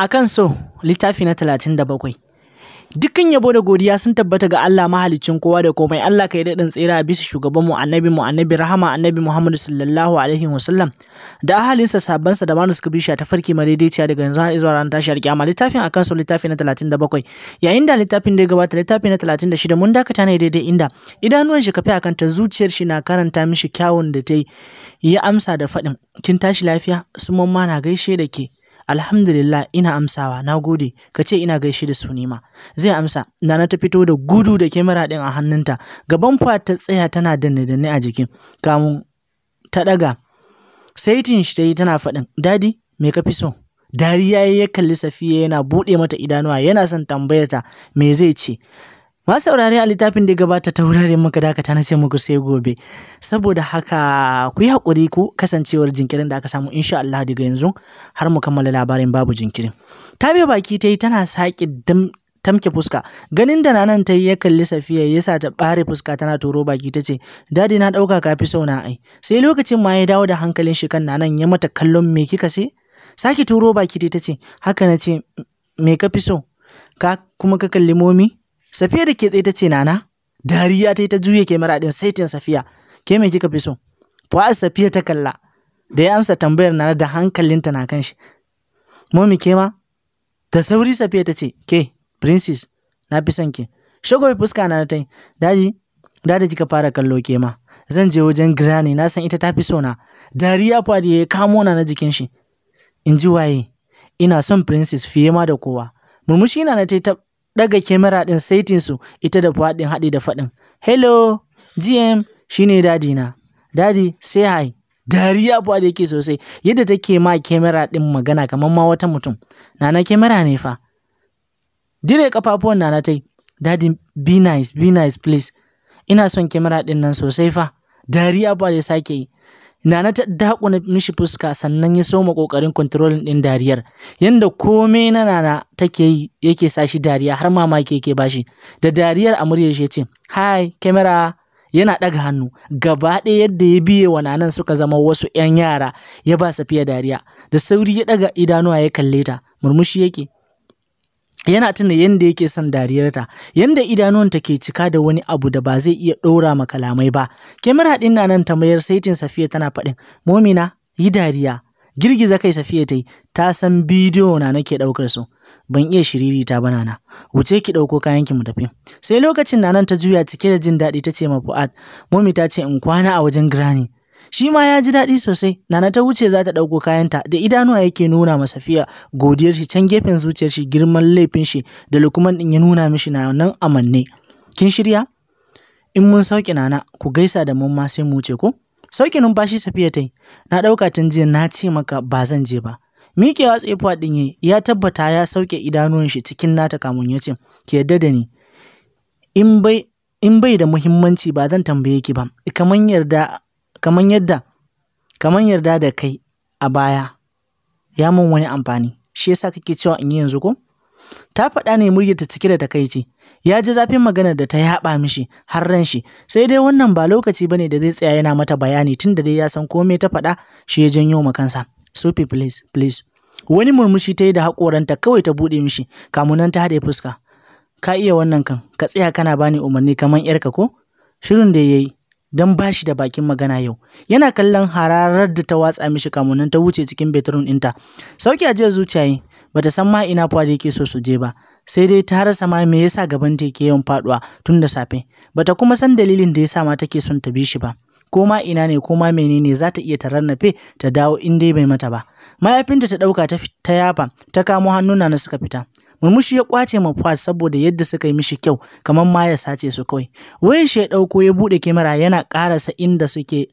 a kan so littafi na 37 dukkan yabo da godiya sun tabbata ga Allah mahaliccin kowa da komai Allah kai daɗin tsira bisa shugaban mu annabi mu annabi rahama annabi Muhammadu sallallahu alaihi wasallam da ahalinsa sa da manus kabisha ta farki madaidaiciya daga yanzu har zuwa ranar tashar kiyama littafin akan so littafi na 37 yayin da littafin da ya gabata littafi na 36 mun dakata ne daidai inda idanuwan shi kafi akan ta zuciyar shi na karanta mishi kyawun da ta yi ya amsa da faɗin kin tashi lafiya su mamma na gaishe da ke Alhamdulillah ina amsawa, na gode, ka ce ina gaishe da sunima. Zai amsa, Nana ta fito da gudu da kemara ɗin a hannunta, gaban fa ta tsaya tana danne-danne a jikin, kamun ta ɗaga. Saitin shi ta yi tana faɗin, Dadi, me ka fi so? Dariya ya kalli Safiya yana buɗe mata idanuwa yana son tambayar ta me zai ce. ma saurari a littafin da gabata ta wurare muka dakata na ce muku sai gobe saboda haka ku yi haƙuri ku kasancewar jinkirin da aka samu insha Allah daga yanzu har mu kammala labarin babu jinkirin ta bai baki ta yi tana saƙi dam tamke fuska ganin da nanan ta yi ya kalli safiya ya sa ta bare fuska tana turo baki ta ce dadi na ɗauka kafi sau na ai sai lokacin ma ya dawo da hankalin shi kan nanan ya mata kallon me kika ce saki turo baki ta ce haka na ce me ka fi so ka kuma ka kalli momi Safiya da ke tsaye ta ce nana, dariya ta yi ta juye kyamara ɗin saitin Safiya, ke me kika fi so? Fuad Safiya ta kalla, da ya amsa tambayar nana da hankalinta na kan shi. Momi ke ma? Da sauri Safiya ta ce, ke, princess, na fi son ki. Shagobe fuska na ta yi, daji, Da kika fara kallo ke ma. Zan je wajen Granny, na san ita ta fi so na. Dariya da ya kamo na na jikin shi. In ji waye, ina son princess fiye ma da kowa. Murmushi na na ta ɗaga kyamara ɗin su ita da faɗin haɗi da faɗin hello gm shine dadi na dadi say hi dariya fuwa da yake sosai yadda take ma kyamara ɗin magana kamar ma wata mutum nana kemera ne fa dire kafafuwan nana tai dadi be nice be nice please ina son kyamara ɗin nan sosai fa dariya fuwa da sake yi Nana ta dakuna mishi fuska sannan ya soma ƙoƙarin controlling ɗin dariyar. Yanda komai na Nana take yi yake sa shi dariya har mamaki yake bashi. Da dariyar a shi ya ce, "Hi, camera." Yana ɗaga hannu, gaba ɗaya yadda ya biye wa Nanan suka zama wasu 'yan yara, ya ba dariya. Da sauri ya ɗaga idanuwa ya kalle ta, murmushi yake, yana tuna yadda yake son dariyarta yadda idanuwanta ke cika da wani abu da ba zai iya ɗora makalamai kalamai ba kyamara ɗin na nan ta mayar saitin safiya tana faɗin momina yi dariya girgiza kai safiya ta yi ta san bidiyo na nake ɗaukar su ban iya shiriri ta bana na wuce ki ɗauko kayan ki mu tafi sai lokacin na nan ta juya cike da jin daɗi ta ce ma fu'ad momi ta ce in kwana a wajen grani shi ma ya ji daɗi sosai nana ta wuce za ta ɗauko kayanta da idanuwa yake nuna ma fiya godiyar shi can gefen zuciyar shi girman laifin shi da lukuman ɗin ya nuna mishi na nan amanne kin shirya in mun sauke nana ku gaisa da mun sai mu wuce ko sauke numfashi safiya ta yi na ɗauka tun jiya na ce maka ba zan je ba miƙewa tsefuwa ɗin yi ya tabbata ya sauke idanuwan shi cikin nata kamun ya ce ki yarda da ni in bai in bai da muhimmanci ba zan tambaye ki ba kamar yarda kamar yadda kamar yarda da kai a baya ya mun wani amfani shi yasa kake cewa in yi yanzu ko ta faɗa ne muryarta cike da takaici ya ji zafin maganar da ta yaɓa mishi har ran shi sai dai wannan ba lokaci bane da zai tsaya yana mata bayani tun da dai ya san komai ta faɗa shi ya janyo ma kansa sophie please please wani murmushi ta yi da haƙoranta kawai ta buɗe mishi kamunan ta haɗe fuska ka iya wannan kan ka tsaya kana bani umarni kamar yarka ko shirin da yayi don ba shi da bakin magana yau yana kallon hararar da ta watsa mishi kamunan ta wuce cikin betrun ɗinta sauki a jiya zuciya yi ta san ma ina fuwa da yake so su je ba sai dai ta rasa ma me yasa gaban ta yake yawan faduwa tun da safe Ba ta kuma san dalilin da yasa ma take son ta bi shi ba ko ma ina ne ko ma menene za ta iya ta rarrafe ta dawo in dai bai mata ba mayafinta ta ɗauka ta yafa ta kamo hannuna na suka fita murmushi ya kwace ma Fuad saboda yadda suka yi mishi kyau kamar ma ya sace su kawai wayan shi ya dauko ya bude kamera yana karasa inda suke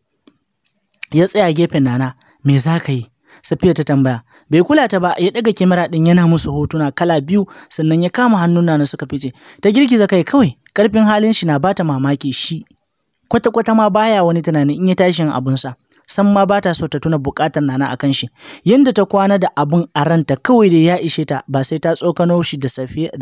ya tsaya gefen nana me za ka yi safiya ta tambaya bai kula ta ba ya daga kamera din yana musu hotuna kala biyu sannan ya kama hannun nana suka fice ta girgiza kai kawai karfin halin shi na bata mamaki shi kwata-kwata ma baya wani tunani in ya tashin abunsa san ma bata so ta tuna buƙatar nana a kan shi yanda ta kwana da abun a ranta kawai da ya ishe ta ba sai ta tsokano shi da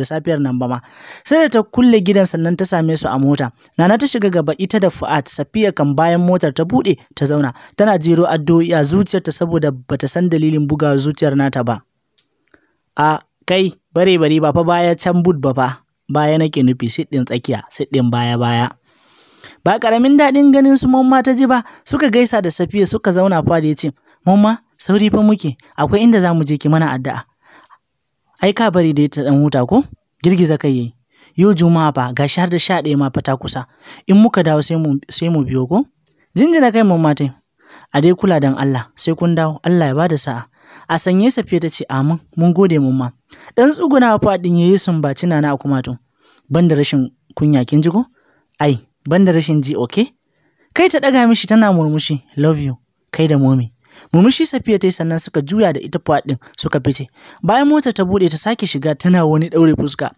safiyar nan ba sai da ta kulle gidan sannan ta same su a mota nana ta shiga gaba ita da Fuad Safiya kan bayan motar ta buɗe ta zauna tana jero addu'o'i a zuciyarta saboda bata san dalilin buga zuciyar nata ba a kai bare bare ba fa baya can bud ba fa baya nake nufi siɗin tsakiya siɗin baya baya ba ƙaramin daɗin ganin su mamma ta ji ba suka gaisa da safiya suka zauna fa da ya ce mamma sauri fa muke akwai inda za mu je ki mana addu'a ai ka bari da ta dan huta ko girgiza kai yi. yau juma'a ba, gashi har da sha ɗaya ma fata kusa in muka dawo sai mu sai mu biyo ko jinjina kai mamma tai a dai kula dan Allah sai kun dawo Allah ya bada sa'a a sanye safiya ta ce amin mun gode mamma dan tsuguna fa din yayi sumbaci nana a kuma to banda rashin kunya kin ji ko ai banda rashin ji OK? kai ta ɗaga mishi tana murmushi love you kai da momi murmushi safiya ta yi sannan suka juya da ita ɗin suka fice bayan motar ta buɗe ta sake shiga tana wani ɗaure fuska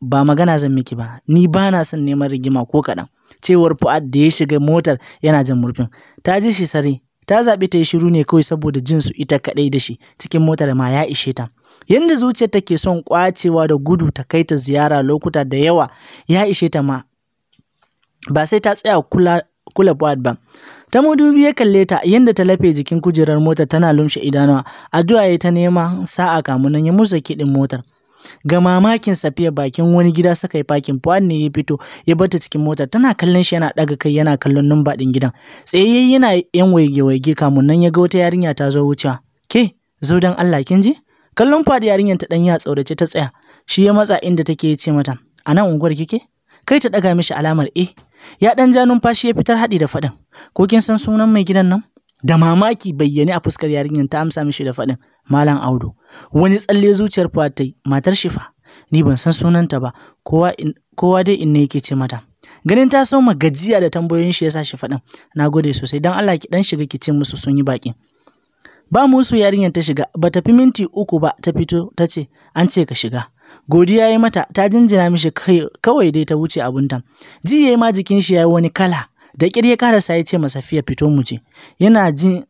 ba magana zan miki ba ni ba na son neman rigima ko kaɗan cewar fu'ad da ya shiga motar yana jan murfin ta ji shi sare ta zaɓi ta yi shiru ne kawai saboda jin su ita kaɗai da shi cikin motar ma ya ishe ta yadda zuciyar take son kwacewa da gudu ta kai ta ziyara lokuta da yawa ya ishe ta ma ba sai ta tsaya kula kula ba. Ta madubi ya kalle ta yadda ta lafe jikin kujerar mota tana lumshe idanuwa. Addu'a ya ta nema sa'a kamun nan ya murza kidin motar. Ga mamakin safiya bakin wani gida saka yi fakin Fuad ne ya fito ya bata cikin motar tana kallon shi yana daga kai yana kallon numba din gidan. Tsayayye yana yan waige-waige nan ya ga wata yarinya ta zo wucewa. Ke zo don Allah kin ji? Kallon Fuad yarinyar ta dan ya tsaurace ta tsaya. Shi ya matsa inda take ya ce mata, a nan unguwar kike? Kai ta ɗaga mishi alamar eh. ya ɗan ja numfashi ya fitar haɗi da faɗin ko kin san sunan mai gidan nan da mamaki bayyane a fuskar yarinyar ta amsa mishi da faɗin malam audu wani tsalle zuciyar fatai matar shifa ni ban san sunanta ba kowa kowa dai inna yake ce mata ganin ta soma gajiya da tambayoyin shi yasa shi faɗin na gode sosai dan allah ki ɗan shiga ki ce musu sun yi baki ba musu yarinyar ta shiga ba fi minti uku ba ta fito ta ce an ce ka shiga godiya ya yi mata ta jinjina mishi kawai dai ta wuce abunta ji yi ma jikin shi yi wani kala da ƙir ya karasa ya ce ma Safiya fito mu ce. yana jin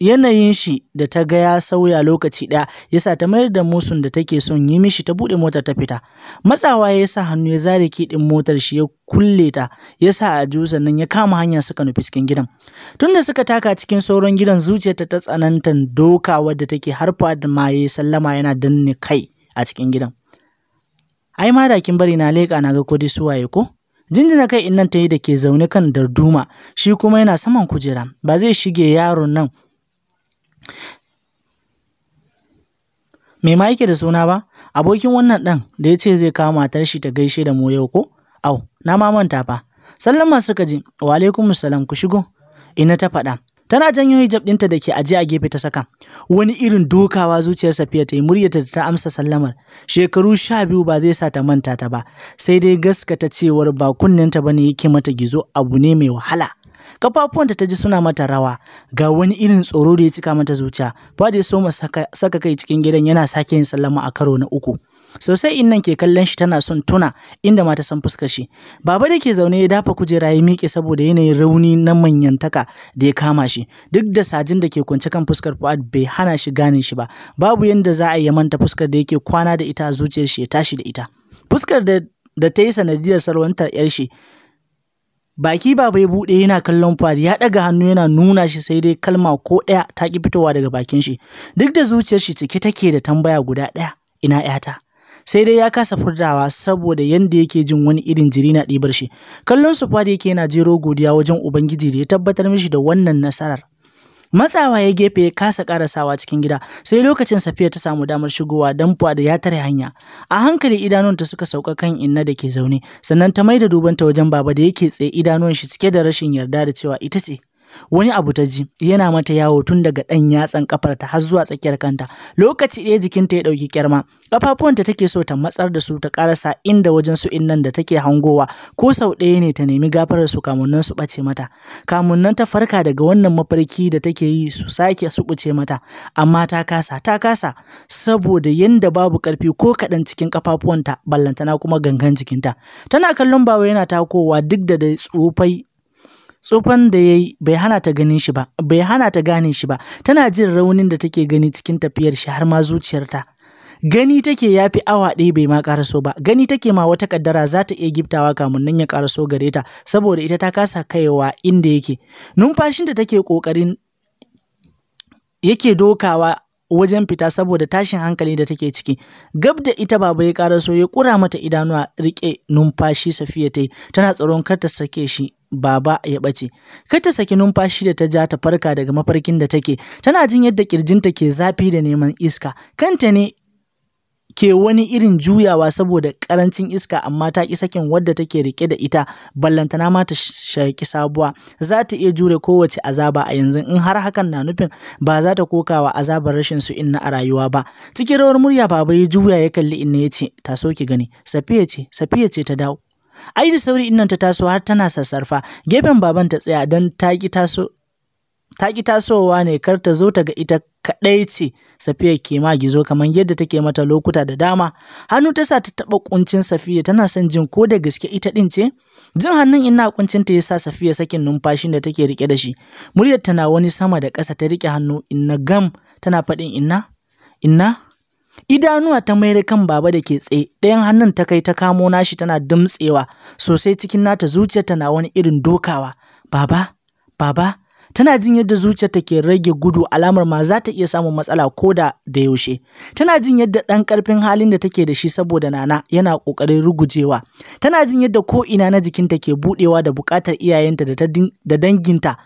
yanayin shi da ta gaya sauya lokaci ɗaya ya sa ta mayar da musun da take son yi mishi ta buɗe motar ta fita matsawa ya sa hannu ya zare kiɗin motar shi ya kulle ta ya sa a juza nan ya kama hanya suka nufi cikin gidan tunda suka taka cikin sauran gidan zuciyarta ta tsanantan doka wadda take harfa da ma sallama yana danne kai a cikin gidan ai ma da bari na leƙa na ga kodi waye, ko jinjina kai in nan ta yi da ke zaune kan darduma shi kuma yana saman kujera ba zai shige yaron nan me ma yake da suna ba abokin wannan ɗan da ya ce zai kawo matar shi ta gaishe da mu yau ko au na ma manta fa sallama suka ji wa alaikum salam ku shigo ina ta faɗa Tana janyo hijab ɗinta da ke ajiye a gefe ta saka. Wani irin dokawa zuciyar Safiya ta yi muryarta ta amsa sallamar. Shekaru sha biyu ba zai sa ta manta ta ba, sai dai gaskata cewar ba kunninta ba ne yake mata gizo abu ne mai wahala. kafafuwanta ta ji suna mata rawa ga wani irin tsoro da ya cika mata zuciya ba da ya soma saka, saka kai cikin gidan yana sake yin sallama a karo na uku sosai in nan ke kallon shi tana son tuna inda mata san fuskar shi baba da ke zaune ya dafa kujera ya miƙe saboda yanayin rauni na manyantaka da ya kama shi duk da sajin da ke kwance kan fuskar Fuad bai hana shi gane shi ba babu yanda za a yi manta fuskar da yake kwana da ita a zuciyar shi ya tashi da ita fuskar da da ta yi sanadiyar salwantar yar shi baki baba ya buɗe yana kallon Fuad ya ɗaga hannu yana nuna shi sai dai kalma ko ɗaya ta ki fitowa daga bakin shi duk da zuciyar shi cike take da tambaya guda ɗaya ina 'yata sai dai ya kasa furdawa saboda yanda yake jin wani irin jiri na ɗibar shi kallon su fadi yake yana jero godiya wajen ubangiji da ya tabbatar mishi da wannan nasarar matsawa ya gefe ya kasa karasawa cikin gida sai lokacin safiya ta samu damar shigowa dan da ya tare hanya a hankali idanunta suka sauka kan inna da ke zaune sannan ta maida dubanta wajen baba da yake tsaye idanun shi cike da rashin yarda da cewa ita ce wani abu ta ji yana mata yawo tun daga ɗan yatsan kafarta har zuwa tsakiyar kanta lokaci ɗaya jikinta ya ɗauki kyarma ƙafafuwanta take so ta matsar da su ta ƙarasa inda wajen su innan da take hangowa ko sau ɗaya ne ta nemi gafarar su kamunnan su ɓace mata kamunnan ta farka daga wannan mafarki da take yi su sake su ɓace mata amma ta kasa ta kasa saboda yanda babu ƙarfi ko kaɗan cikin ƙafafuwanta ballantana kuma gangan jikinta tana kallon bawa yana takowa duk da da tsofai tsufan da ya yi bai hana ta ganin shi ba bai hana ta gane shi ba tana jin raunin da take gani cikin tafiyar shi har ma zuciyarta gani take ya fi awa ɗaya bai ma ƙaraso ba gani take ma wata ƙaddara za ta iya giftawa kamun nan ya ƙaraso gare ta saboda ita ta kasa kaiwa inda yake numfashinta take ƙoƙarin yake dokawa wajen fita saboda tashin hankali da take ciki gab da ita baba ya karaso ya ƙura mata idanuwa riƙe numfashi safiya ta yi tana tsoron kar ta sake shi baba ya ɓace kai ta saki numfashi da ta ja ta farka daga mafarkin da take tana jin yadda ƙirjinta ke zafi da neman iska kanta ne ke wani irin juyawa saboda ƙarancin iska amma ta ƙi sakin wadda take rike da ita ballantana ma ta shaki sabuwa za ta iya jure kowace azaba a yanzu in har hakan na nufin ba za ta kokawa azabar rashin su inna a rayuwa ba cikin rawar murya baba ya juya ya kalli inna ya ce ta soke gani safiya ce safiya ce ta dawo ai da sauri innan ta taso har tana sassarfa gefen baban ta tsaya don ta ki taso ta tasowa ne kar ta zo ta ga ita kaɗai ce safiya ke ma gizo kamar yadda take mata lokuta da dama hannu ta sa ta taɓa kuncin safiya tana son jin ko da gaske ita ɗin ce jin hannun ina kuncin ta yasa safiya sakin numfashin da take rike da shi muryar tana wani sama da ƙasa ta rike hannu inna gam tana faɗin inna inna idanuwa ta mayar kan baba da ke tsaye ɗayan hannun ta kai ta kamo nashi tana dumtsewa sosai cikin nata zuciyarta na wani irin dokawa baba baba tana jin yadda zuciyarta ke rage gudu alamar ma za ta iya samun matsala ko da da yaushe tana jin yadda ɗan ƙarfin halin da take da shi saboda nana yana ƙoƙarin rugujewa tana jin yadda ko ina na jikinta ke buɗewa da buƙatar iyayenta da danginta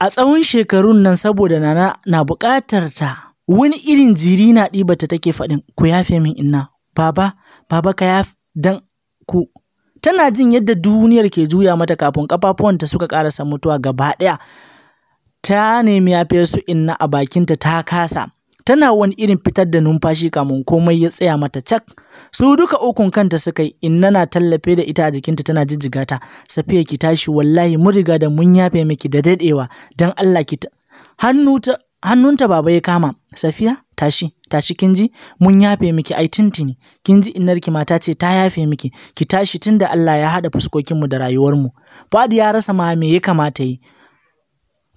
a tsawon shekarun nan saboda nana na buƙatar ta wani irin jiri na ɗibata take faɗin ku yafe min inna baba baba ka yafe dan ku tana jin yadda duniyar ke juya mata kafin kafafuwanta suka karasa mutuwa gaba ɗaya ta nemi yafe su inna a bakinta ta kasa tana wani irin fitar da numfashi kamun komai ya tsaya mata cak su duka ukun kanta suka yi inna na tallafe da ita a jikinta tana jijjiga ta safiya ki tashi wallahi mun riga da mun yafe miki da dadewa dan Allah ki hannu ta hannunta baba ya kama safiya tashi tashi kin ji mun yafe miki ai tintini kin ji innarki mata ce ta yafe miki ki tashi tunda Allah ya haɗa fuskokinmu da rayuwarmu fadi ya rasa ma me ya kamata yi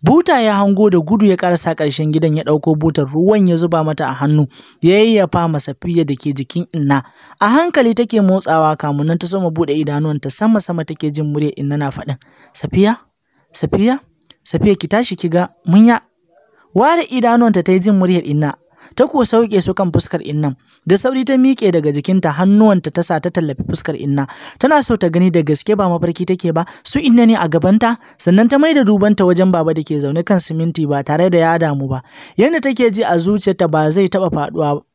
buta ya hango da gudu ya karasa karshen gidan ya ɗauko butar ruwan ya zuba mata a hannu ya yayyafa masa fiye da ke jikin inna a hankali take motsawa kamunan ta soma buɗe idanuwanta sama sama take jin murya inna na faɗin safiya safiya safiya ki tashi ki ga mun ya ware idanuwanta ta yi jin muryar inna ta kuwa sauke su kan fuskar innan da sauri ta miƙe daga jikinta hannuwanta ta sa ta tallafi fuskar inna tana so ta gani da gaske ba mafarki take ba su inna ne a gabanta sannan ta maida dubanta wajen baba da ke zaune kan siminti ba tare da ya damu ba yadda take ji a zuciyarta ba zai taɓa faɗuwa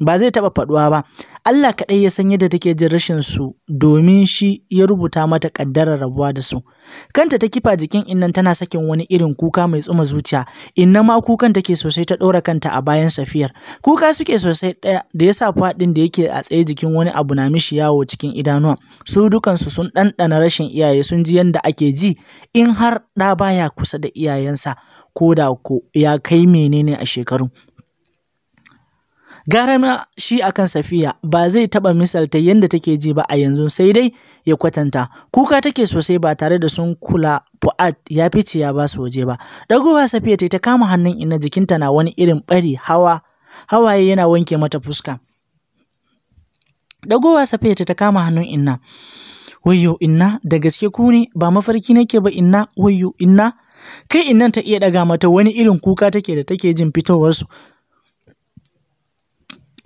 ba zai taɓa faɗuwa ba Allah kaɗai ya san yadda take jin rashin su domin shi ya rubuta mata ƙaddarar rabuwa da su kanta ta kifa jikin innan tana sakin wani irin kuka mai tsuma zuciya inna ma kukan take sosai ta ɗora kanta a bayan safiyar kuka suke sosai ɗaya da yasa faɗin da yake a tsaye jikin wani abu na mishi yawo cikin idanuwa su dukansu sun ɗanɗana rashin iyaye sun ji yadda ake ji in har ɗa baya kusa da iyayensa ko da ko ya kai menene a shekaru Gara ma shi akan Safiya ba zai taba misalta yadda take ji ba a yanzu sai dai ya kwatanta. Kuka take sosai ba tare da sun kula Fu'ad ya fice ya ba su waje ba. Dagowa Safiya ta kama hannun ina jikinta na wani irin bari. hawa hawaye yana wanke mata fuska. Dagowa Safiya ta kama hannun inna. Wayyo inna da gaske ku ne ba mafarki nake ba inna wayyo inna kai innan ta iya daga mata wani irin kuka take da take jin fitowarsu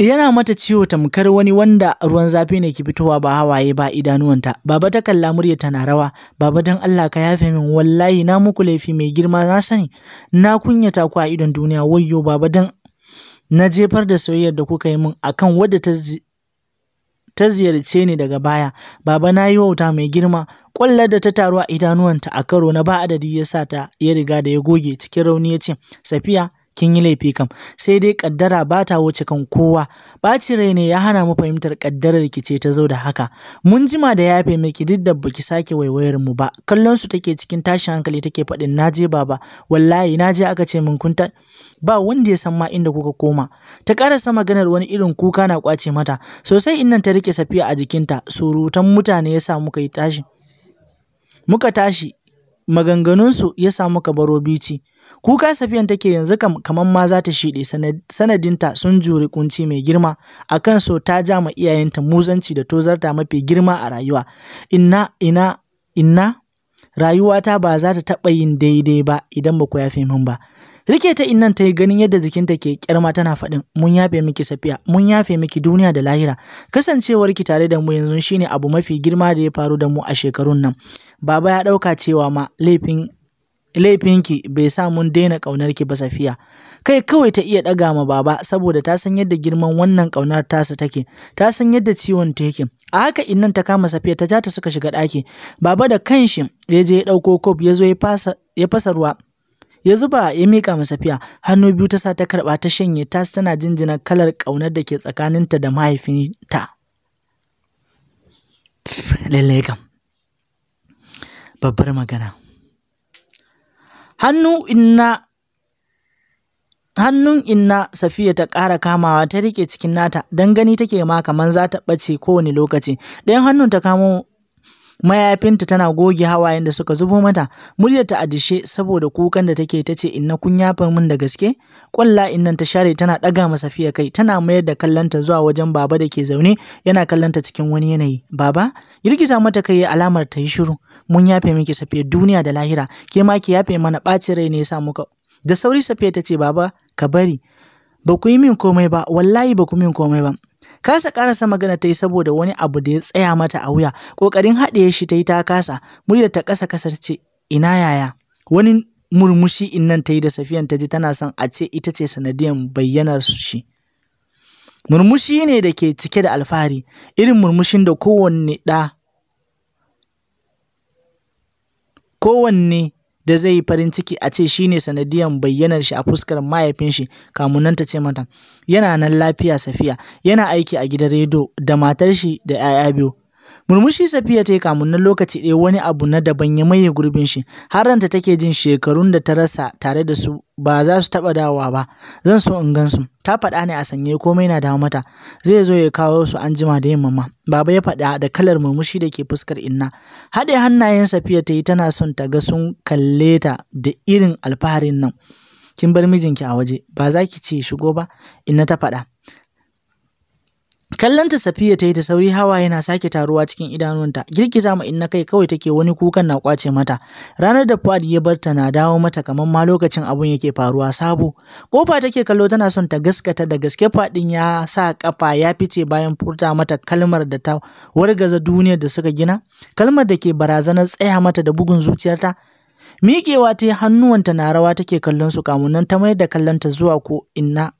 yana mata ciwo tamkar wani wanda ruwan zafi ne ke fitowa ba hawaye ba idanuwanta baba ta kalla murya tana rawa baba dan Allah ka yafe min wallahi na muku laifi mai girma na sani na kunyata ku a idon duniya wayyo baba dan na jefar da soyayyar da kuka yi min akan wadda ta ta ziyarce ni daga baya baba na yi wauta mai girma ƙwallar da ta taru a idanuwanta a karo na ba adadi ya sa ta ya riga da ya goge cikin rauni ya ce safiya kin yi laifi kam sai dai kaddara ba ta wuce kan kowa ɓaci rai ne ya hana mu fahimtar kaddarar ki ce ta zo da haka mun jima da yafe miki duk da baki sake waiwayar mu ba kallon su take cikin tashin hankali take faɗin naje baba wallahi naje aka ce min kunta. ba wanda ya san ma inda kuka koma ta karasa maganar wani irin kuka na kwace mata sosai innan ta rike safiya a jikinta surutan mutane ya sa muka yi tashi muka tashi maganganunsu ya sa muka baro bici kuka safiyan take yanzu kamar ma za ta shiɗe sanadinta sun juri kunci mai girma a kan so ta ja ma iyayenta muzanci da tozarta mafi girma a rayuwa inna ina rayuwata ba za ta taɓa yin daidai ba idan ba ku yafe min ba rike ta innan ta yi ganin yadda jikinta ke kyarma tana faɗin mun yafe miki safiya mun yafe miki duniya da lahira kasancewarki tare da mu yanzu shine abu mafi girma da ya faru da mu a shekarun nan baba ya ɗauka cewa ma laifin laifinki bai sa mun daina ƙaunarki ba safiya kai kawai ta iya ɗaga ma baba saboda ta san yadda girman wannan ƙaunar tasa take ta san yadda ciwon ta yake a haka innan ta kama safiya ta ja ta suka shiga ɗaki baba da kanshi ya je ya ɗauko kof ya zo ya fasa ruwa ya zuba ya miƙa ma safiya. hannu biyu ta sa ta karɓa ta shanye ta tana jinjina kalar ƙaunar da ke tsakaninta da mahaifinta lallai kam babbar magana Hannun inna Safiya ta ƙara kamawa ta riƙe cikin nata, don gani take ma kamar za ta ɓace kowane lokaci. Ɗayan hannun ta kamo mayafinta tana goge hawayen da suka zubo mata muryarta ta adishe saboda kukan da take ta ce inna kun yafa min da gaske kwalla innan ta share tana ɗaga ma safiya kai tana mayar da kallanta zuwa wajen baba da ke zaune yana kallanta cikin wani yanayi baba girgiza mata kai alamar ta yi shiru mun yafe miki safiya duniya da lahira ke ma ki yafe mana ɓacin rai ne sa muka da sauri safiya ta ce baba ka bari ba ku yi min komai ba wallahi ba ku min komai ba kasa karasa magana ta yi saboda wani abu da ya tsaya mata a wuya kokarin haɗiye shi ta yi ta kasa muryar ta ƙasa ƙasa ce ina yaya wani murmushi innan ta yi da safiyan ta ji tana son a ce ita ce sanadiyar bayyanar shi murmushi ne da ke cike da alfahari irin murmushin da kowanne ɗa kowanne da zai yi farin ciki a ce shi ne sanadiyan bayyanar shi a fuskar mahaifin shi kamunan nan ta ce mata yana nan lafiya safiya yana aiki a gidan rediyo da matar shi da 'ya'ya biyu Murmushi Safiya ta yi kamun nan lokaci ɗaya wani abu na daban ya maye gurbin shi, har ranta take jin shekarun da ta rasa tare da su ba za su taɓa dawowa ba, zan so in gan su. Ta faɗa ne a sanye komai na dawo mata, zai zo ya kawo su an jima da yamma mama Baba ya faɗa da kalar murmushi da ke fuskar inna. Haɗe hannayen Safiya ta yi tana son ta ga sun kalle ta da irin alfaharin nan. Kin bar mijinki a waje, ba za ki ce shigo ba, inna ta faɗa. Kallanta Safiya ta yi da sauri hawa yana sake taruwa cikin idanunta. Girgiza ma inna kai kawai take wani kukan na kwace mata. Ranar da Fuad ya bar ta na dawo mata kamar ma lokacin abun yake faruwa sabo. Kofa take kallo tana son ta gaskata da gaske fadin ya sa kafa ya fice bayan furta mata kalmar da ta wargaza duniyar da suka gina. Kalmar da ke barazanar tsaya mata da bugun zuciyarta. Miƙewa ta yi hannuwanta na rawa take kallon su kamunan ta mayar da kallonta zuwa ko inna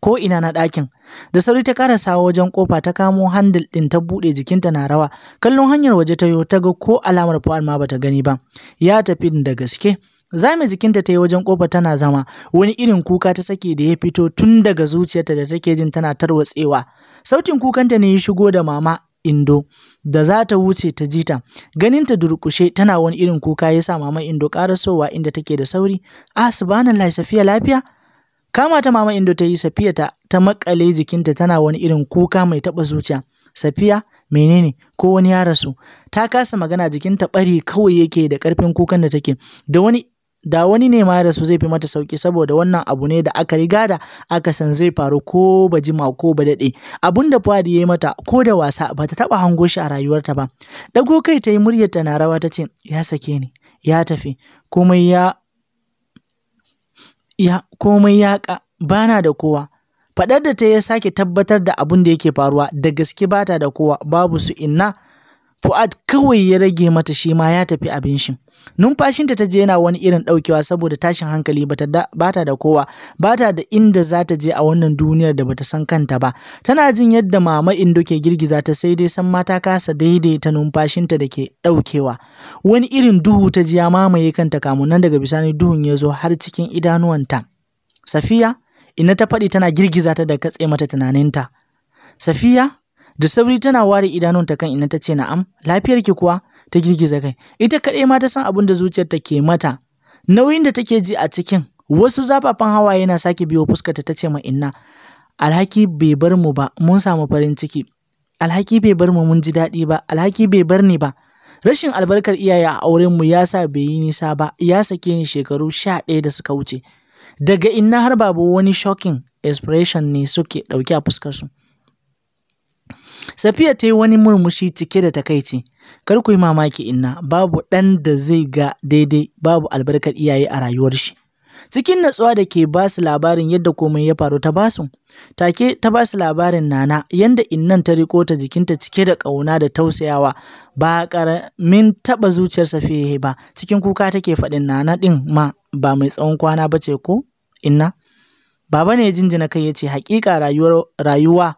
ko ina na ɗakin da sauri ta karasa wajen kofa ta kamo handil ɗin ta buɗe jikinta na rawa kallon hanyar waje ta yo ta ga ko alamar fu'ad ma bata gani ba ya tafi da gaske zame jikinta ta yi wajen kofa tana zama wani irin kuka ta sake da ya fito tun daga zuciyarta da take jin tana tarwatsewa sautin kukanta ne ya shigo da mama indo da za ta wuce ta jita ganin ta durkushe tana wani irin kuka ya sa mama indo karasowa inda take da sauri ah safiya lafiya Kama ta mama Indo ta yi Safiya ta, ta makale jikinta tana wani irin kuka mai taɓa zuciya. Safiya menene ko wani ya rasu ta kasa magana jikinta bari kawai yake da ƙarfin kukan da take da wani da wani ne ma rasu zai fi mata sauki saboda wannan abu ne da aka riga da aka san zai faru ko ba jima ko ba daɗe abun da Fuad ya yi mata ko da wasa ba ta taɓa hango shi a rayuwarta ba ɗago kai ta yi muryar na rawa ta ce ya sake ni ya tafi komai ya ya komai yaƙa ka bana da kowa faɗar da ta ya sake tabbatar da abun da yake faruwa da gaske bata da kowa babu su inna fu'ad kawai ya rage mata shi ma ya tafi abin shi numfashinta ta je yana wani irin ɗaukewa saboda tashin hankali ba ta da kowa ba ta da inda za ta je a wannan duniyar da bata san kanta ba tana jin yadda mama indo ke girgiza ta sai dai san mata kasa daidaita numfashinta da ke ɗaukewa wani irin duhu ta ji ya mamaye kanta kamun nan daga bisani duhun ya zo har cikin idanuwanta safiya ina ta faɗi tana girgiza ta da katse mata tunaninta safiya da sauri tana ware idanunta kan ina ta ce na'am lafiyarki kuwa ta girgiza kai ita kaɗai ma ta san abin da zuciyarta ke mata nauyin da take ji a cikin wasu zafafan hawaye na sake biyo fuskarta ta ce ma inna alhaki bai bar mu ba mun samu farin ciki alhaki bai bar mu mun ji daɗi ba alhaki bai bar ni ba rashin albarkar iyaye a auren mu ya sa bai yi nisa ba ya sake ni shekaru sha ɗaya da suka wuce daga inna har babu wani shocking expression ne suke ɗauke a fuskarsu safiya ta yi wani murmushi cike da takaici Kar ku yi mamaki inna babu ɗan da zai ga daidai babu albarkar iyaye a rayuwar shi. Cikin natsuwa da ke ba su labarin yadda komai ya faru ta basu, take ta ba su labarin Nana yadda innan ta riko ta jikinta cike da ƙauna da tausayawa ba ƙaramin taɓa zuciyarsa fiye ba cikin kuka take faɗin Nana ɗin ma ba mai tsawon kwana ba ce ko inna? Baba ne jinjina kai ya ce haƙiƙa rayuwa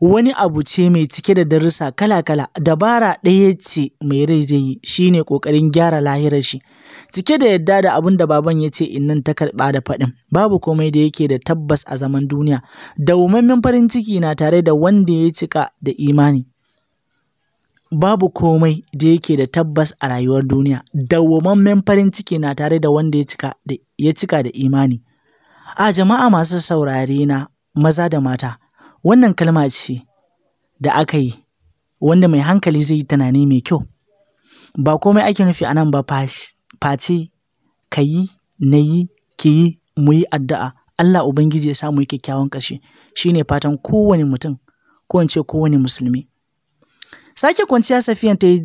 wani abu ce mai cike da darussa kala-kala dabara ɗaya ce mai rai zai yi shine ƙoƙarin gyara lahirar shi cike da yadda da abin da baban ya ce innan ta karɓa da faɗin babu komai da yake da tabbas a zaman duniya dawwammamin farin ciki na tare da wanda ya cika da imani babu komai da yake da tabbas a rayuwar duniya dawwammamin farin ciki na tare da wanda ya cika da imani a jama'a masu saurare na maza da mata Wannan kalma ce da aka yi wanda mai hankali zai yi tunani mai kyau. Ba komai ake nufi a nan ba face ka yi, na yi, ki yi, mu yi addu'a. Allah Ubangiji ya samu mu yi kyakkyawan ƙarshe. Shi ne fatan kowane mutum, ko in kowane musulmi. Sake kwanciya Safiyan ta yi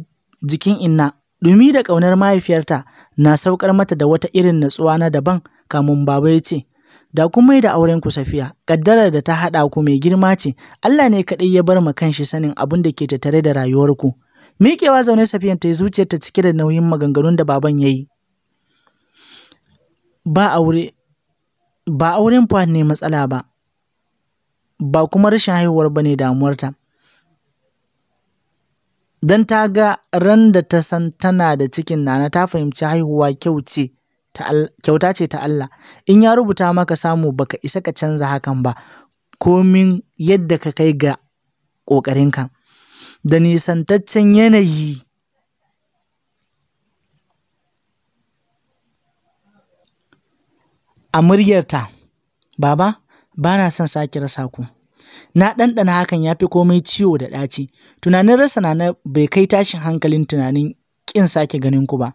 jikin inna, ɗumi da ƙaunar mahaifiyarta na saukar mata da wata irin natsuwa na daban kamun baba ya ce, da kuma mai da aurenku safiya ƙaddarar da ta haɗa ku mai girma ce Allah ne kaɗai ya bar ma kanshi sanin abin da ke tattare da rayuwar ku miƙewa zaune safiyan ta yi ta cike da nauyin maganganun da baban yayi yi ba aure ba auren fa ne matsala ba ba kuma rashin haihuwar ba ne damuwarta don ta ga ran da ta san tana da cikin nana ta fahimci haihuwa kyau ce kyauta ce ta Allah in ya rubuta maka samu baka isa ka canza hakan ba komin yadda ka kai ga ƙoƙarinka da nisantaccen yanayi a muryarta baba ba son sake rasa ku na ɗanɗana hakan ya fi komai ciwo da ɗaci tunanin rasa na bai kai tashin hankalin tunanin ƙin sake ganin ku ba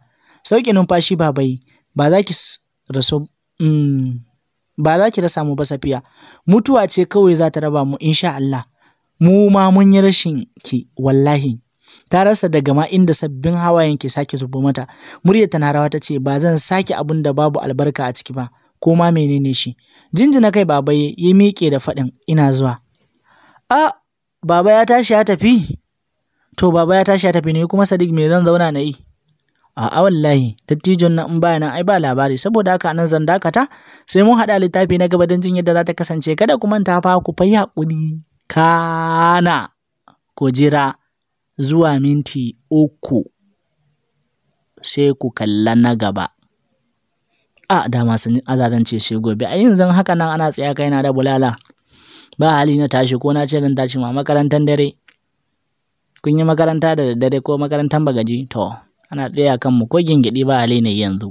sauƙi numfashi ba bai ba za ki rasu mm, ba za ki rasa mu ba safiya mutuwa ce kawai za ta raba mu insha Allah mu ma mun yi rashin ki wallahi ta rasa daga ma inda sabbin hawayen ke sake zubo mata muryar tana rawa ta ce ba zan sake abin da babu albarka a ciki ba ko ma menene shi jinjina kai baba ya miƙe da faɗin ina zuwa a baba ya tashi ya tafi to baba ya tashi ya tafi ne kuma sadiq me zan zauna na yi A'a wallahi dattijon nan in baya nan ai ba labari saboda haka nan zan dakata sai mun haɗa littafi na gaba don jin yadda za ta kasance kada ku manta fa ku fayi haƙuri kana ku jira zuwa minti uku sai ku kalla na gaba. A dama sun azazance sai gobe a yin zan haka nan ana tsaya kai na da bulala ba hali na tashi ko na ce zan tashi ma makarantar dare kun yi makaranta da daddare ko makarantar bagaji to ana tsaya kan mu ko gyangyaɗi ba a yanzu